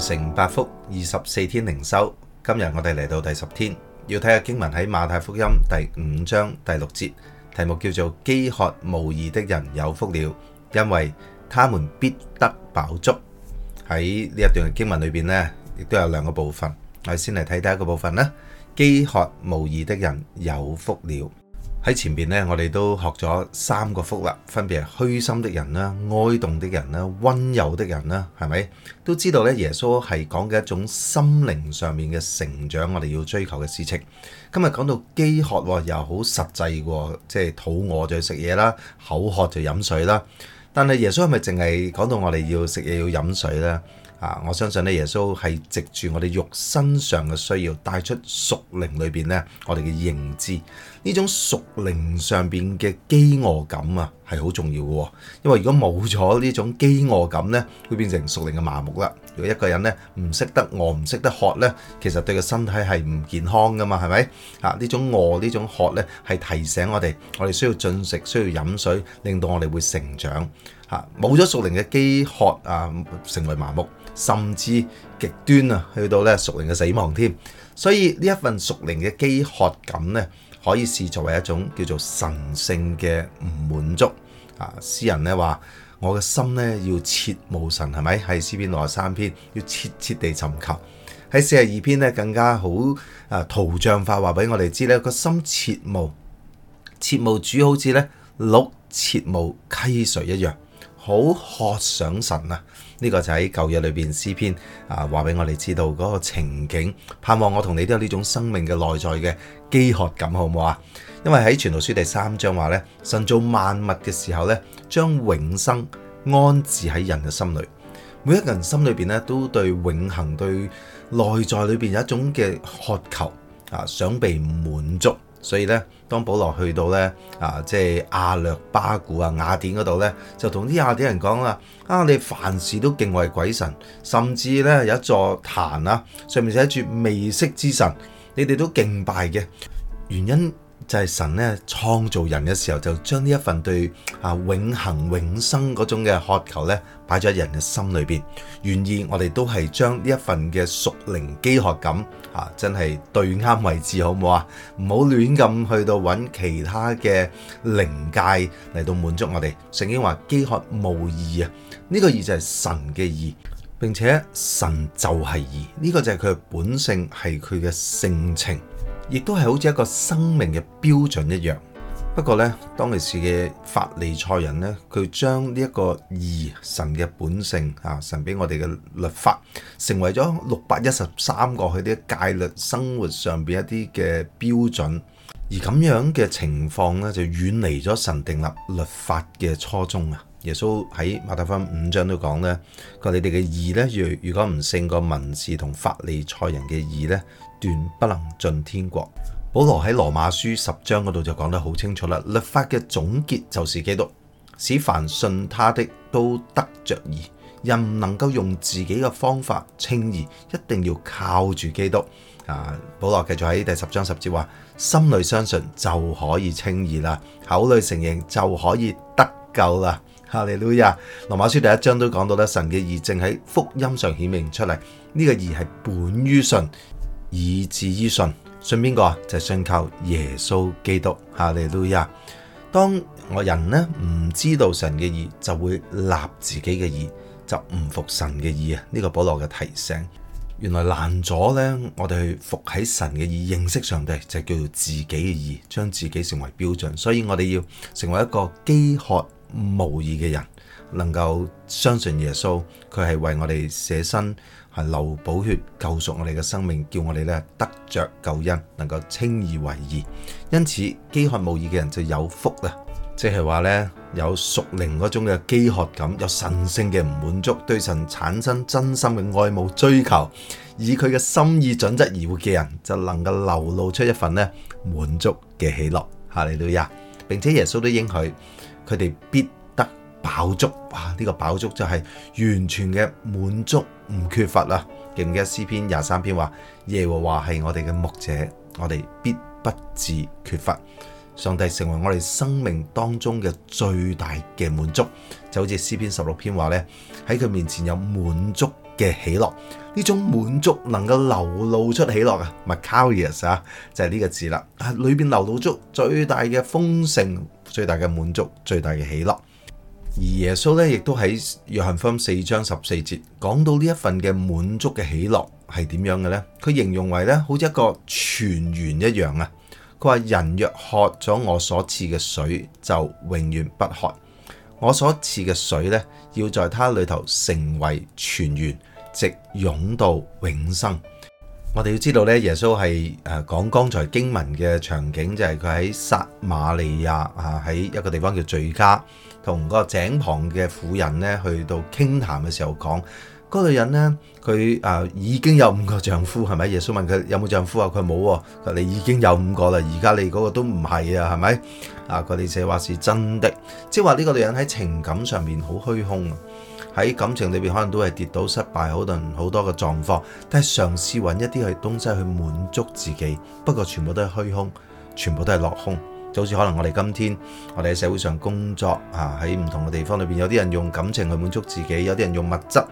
承八福二十四天靈修，今日我哋嚟到第十天，要睇下經文喺馬太福音第五章第六節，題目叫做飢渴慕義的人有福了，因為他們必得飽足。喺呢一段經文裏邊呢，亦都有兩個部分，我先嚟睇第一個部分啦。飢渴慕義的人有福了。喺前邊咧，我哋都學咗三個福啦，分別係虛心的人啦、哀慟的人啦、溫柔的人啦，係咪？都知道咧，耶穌係講嘅一種心靈上面嘅成長，我哋要追求嘅事情。今日講到飢渴，又好實際，即係肚餓就食嘢啦，口渴就飲水啦。但係耶穌係咪淨係講到我哋要食嘢要飲水呢？啊！我相信咧，耶穌係藉住我哋肉身上嘅需要，帶出屬靈裏面咧我哋嘅認知。呢種屬靈上邊嘅飢餓感啊，係好重要嘅。因為如果冇咗呢種飢餓感咧，會變成屬靈嘅麻木啦。如果一個人咧唔識得餓，唔識得渴咧，其實對個身體係唔健康噶嘛，係咪？啊！呢種餓呢種渴咧，係提醒我哋，我哋需要進食，需要飲水，令到我哋會成長。冇咗熟靈嘅飢渴啊，成為麻木，甚至極端啊，去到咧熟靈嘅死亡添。所以呢一份熟靈嘅飢渴感咧，可以視作為一種叫做神聖嘅唔滿足啊。詩人咧話：我嘅心咧要切慕神，係咪？喺詩篇六十三篇要切切地尋求。喺四十二篇咧更加好啊，圖像化話俾我哋知咧個心切慕，切慕主好似咧鹿切慕溪水一樣。好渴想神啊！呢、這個就喺舊約裏邊詩篇啊，話俾我哋知道嗰、那個情景，盼望我同你都有呢種生命嘅內在嘅飢渴感，好唔好啊？因為喺傳道書第三章話呢，神造萬物嘅時候呢，將永生安置喺人嘅心裏，每一個人心裏邊呢，都對永恆、對內在裏邊有一種嘅渴求啊，想被滿足。所以咧，當保羅去到咧啊，即係亞略巴古啊、雅典嗰度咧，就同啲雅典人講啦：啊，你凡事都敬畏鬼神，甚至咧有一座壇啊，上面寫住未識之神，你哋都敬拜嘅原因。就係神咧創造人嘅時候，就將呢一份對啊永恆永生嗰種嘅渴求咧，擺咗喺人嘅心裏邊。願意我哋都係將呢一份嘅屬靈飢渴感，啊，真係對啱位置，好唔好啊？唔好亂咁去到揾其他嘅靈界嚟到滿足我哋。聖經話飢渴慕義，啊，呢個義就係神嘅義，並且神就係義。呢個就係佢嘅本性，係佢嘅性情。亦都係好似一個生命嘅標準一樣，不過呢，當其時嘅法利賽人呢，佢將呢一個義神嘅本性啊，神俾我哋嘅律法，成為咗六百一十三個佢啲戒律，生活上面一啲嘅標準，而咁樣嘅情況呢，就遠離咗神定立律法嘅初衷啊。耶穌喺馬太福音五章都講咧，講你哋嘅義咧，如如果唔勝過文士同法利賽人嘅義咧，斷不能進天國。」保羅喺羅馬書十章嗰度就講得好清楚啦。律法嘅總結就是基督，使凡信他的都得着義。人唔能夠用自己嘅方法稱義，一定要靠住基督。啊，保羅繼續喺第十章十節話：心裏相信就可以稱義啦，口裏承認就可以得救啦。哈利路亞，《羅馬書》第一章都講到咧，神嘅義正喺福音上顯明出嚟。呢、這個義係本於信，以至於信。信邊個啊？就是，信靠耶穌基督。哈利路亞。當我人呢唔知道神嘅義，就會立自己嘅義，就唔服神嘅義啊！呢、這個保羅嘅提醒，原來難咗呢。我哋去服喺神嘅義，認識上帝就叫做自己嘅義，將自己成為標準。所以我哋要成為一個飢渴。慕義嘅人，能夠相信耶穌，佢係為我哋捨身，係流寶血救贖我哋嘅生命，叫我哋咧得着救恩，能夠稱義為義。因此，飢渴慕義嘅人就有福啦，即係話咧有屬靈嗰種嘅飢渴感，有神聖嘅唔滿足，對神產生真心嘅愛慕追求，以佢嘅心意準則而活嘅人，就能夠流露出一份咧滿足嘅喜樂。哈利路亞。並且耶穌都應許佢哋必得飽足，哇！呢個飽足就係完全嘅滿足，唔缺乏啦。記唔記得詩篇廿三篇話耶和華係我哋嘅牧者，我哋必不至缺乏。上帝成為我哋生命當中嘅最大嘅滿足，就好似詩篇十六篇話呢，喺佢面前有滿足。嘅喜樂，呢種滿足能夠流露出喜樂啊，makarios 啊，就係呢個字啦。但係裏邊流露出最大嘅豐盛、最大嘅滿足、最大嘅喜樂。而耶穌咧，亦都喺約翰福音四章十四節講到呢一份嘅滿足嘅喜樂係點樣嘅呢？佢形容為咧，好似一個泉源一樣啊。佢話人若喝咗我所賜嘅水，就永遠不渴。我所賜嘅水呢，要在它裏頭成為泉源。直湧到永生。我哋要知道咧，耶穌係誒講剛才經文嘅場景，就係佢喺撒馬利亞啊，喺一個地方叫敘加，同個井旁嘅婦人咧去到傾談嘅時候講，嗰、那個、女人呢，佢誒已經有五個丈夫，係咪？耶穌問佢有冇丈夫啊？佢冇喎，佢你已經有五個啦，而家你嗰個都唔係啊，係咪？啊，佢哋寫話是真的，即係話呢個女人喺情感上面好虛空。喺感情裏面，可能都係跌倒、失敗，好同好多嘅狀況，但係嘗試揾一啲嘅東西去滿足自己，不過全部都係虛空，全部都係落空。就好似可能我哋今天我哋喺社會上工作啊，喺唔同嘅地方裏面，有啲人用感情去滿足自己，有啲人用物質，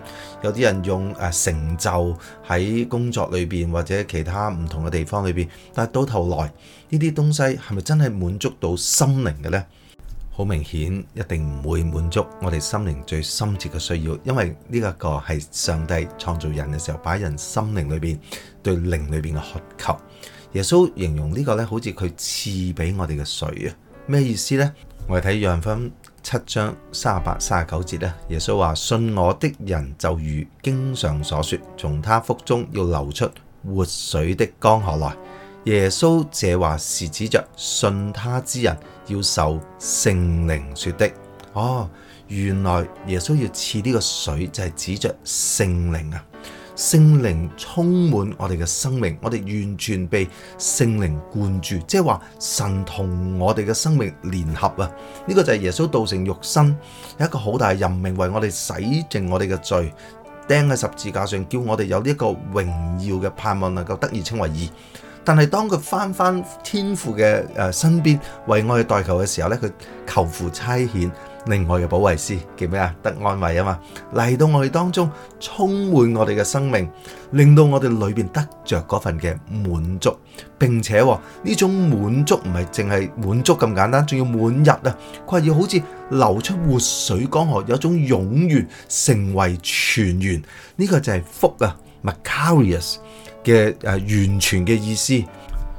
有啲人用誒成就喺工作裏面或者其他唔同嘅地方裏面。但係到頭來呢啲東西係咪真係滿足到心靈嘅呢？好明顯，一定唔會滿足我哋心靈最深切嘅需要，因為呢一個係上帝創造人嘅時候，把人心靈裏邊對靈裏邊嘅渴求。耶穌形容呢、呢個咧，好似佢賜俾我哋嘅水啊，咩意思呢？我哋睇約翰七章三十八三十九節咧，耶穌話：信我的人就如經上所說，從他腹中要流出活水的江河來。耶穌這話是指着信他之人要受聖靈說的。哦，原來耶穌要賜呢個水就係、是、指着聖靈啊！聖靈充滿我哋嘅生命，我哋完全被聖靈灌注，即係話神同我哋嘅生命聯合啊！呢、這個就係耶穌道成肉身有一個好大嘅任命，為我哋洗淨我哋嘅罪，釘喺十字架上，叫我哋有呢一個榮耀嘅盼望，能夠得以稱為義。但係當佢返返天父嘅誒身邊為我哋代求嘅時候咧，佢求父差遣另外嘅保衛師，叫咩啊？得安慰啊嘛，嚟到我哋當中充滿我哋嘅生命，令到我哋裏邊得着嗰份嘅滿足，並且呢種滿足唔係淨係滿足咁簡單，仲要滿溢啊！佢話要好似流出活水江河，有一種湧源成為泉源，呢、這個就係福啊，Macarius。Mac 嘅誒，完全嘅意思，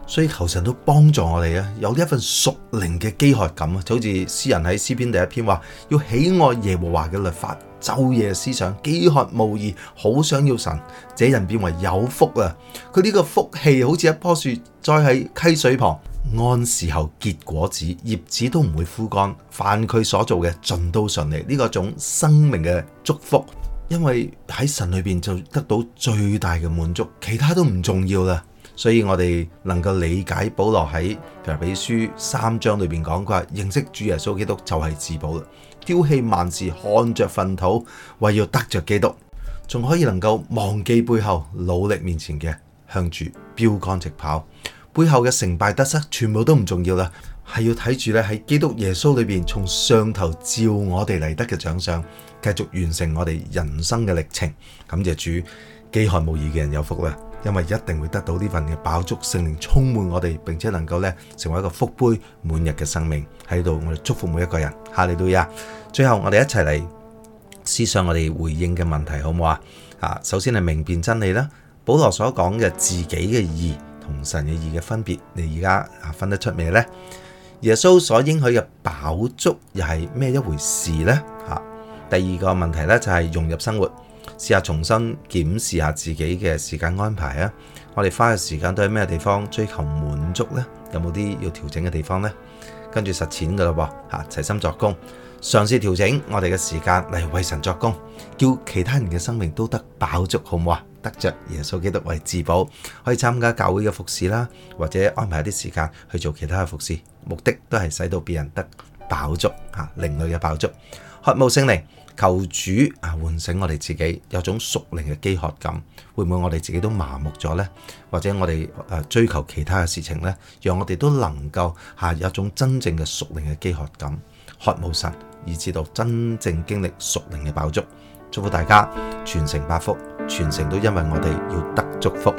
所以求神都幫助我哋啊，有呢一份屬靈嘅飢渴感啊，就好似詩人喺詩篇第一篇話，要喜愛耶和華嘅律法，晝夜思想，飢渴慕義，好想要神，這人變為有福啊！佢呢個福氣好似一棵樹栽喺溪水旁，按時候結果子，葉子都唔會枯乾，凡佢所做嘅盡都順利，呢個種生命嘅祝福。因為喺神裏邊就得到最大嘅滿足，其他都唔重要啦。所以我哋能夠理解保羅喺腓立比書三章裏邊講，佢話認識主耶穌基督就係自保啦，丟棄萬事，看着糞土，為要得着基督，仲，可以能夠忘記背後，努力面前嘅，向住標竿直跑，背後嘅成敗得失，全部都唔重要啦。係要睇住咧，喺基督耶穌裏邊，從上頭照我哋嚟得嘅長相，繼續完成我哋人生嘅歷程。咁感謝主，飢渴慕義嘅人有福啦，因為一定會得到呢份嘅飽足，聖靈充滿我哋，並且能夠咧成為一個福杯滿溢嘅生命。喺度，我哋祝福每一個人，哈利路亞！最後我哋一齊嚟思想我哋回應嘅問題，好唔好啊？啊，首先係明辨真理啦。保羅所講嘅自己嘅義同神嘅義嘅分別，你而家啊分得出未咧？耶穌所應許嘅飽足又係咩一回事呢？吓，第二個問題咧就係融入生活，試下重新檢視下自己嘅時間安排啊！我哋花嘅時間都喺咩地方追求滿足呢？有冇啲要調整嘅地方呢？跟住實踐㗎喇喎，吓，齊心作工。嘗試調整我哋嘅時間嚟為神作工，叫其他人嘅生命都得飽足，好唔好啊？得着耶穌基督為至寶，可以參加教會嘅服侍啦，或者安排一啲時間去做其他嘅服侍，目的都係使到別人得飽足吓，靈裏嘅飽足。渴慕聖靈，求主啊喚醒我哋自己有種屬靈嘅飢渴感，會唔會我哋自己都麻木咗呢？或者我哋誒追求其他嘅事情呢，讓我哋都能夠吓有一種真正嘅屬靈嘅飢渴感。喝慕神，以致到真正經歷屬靈嘅飽足。祝福大家全城八福，全城都因為我哋要得祝福。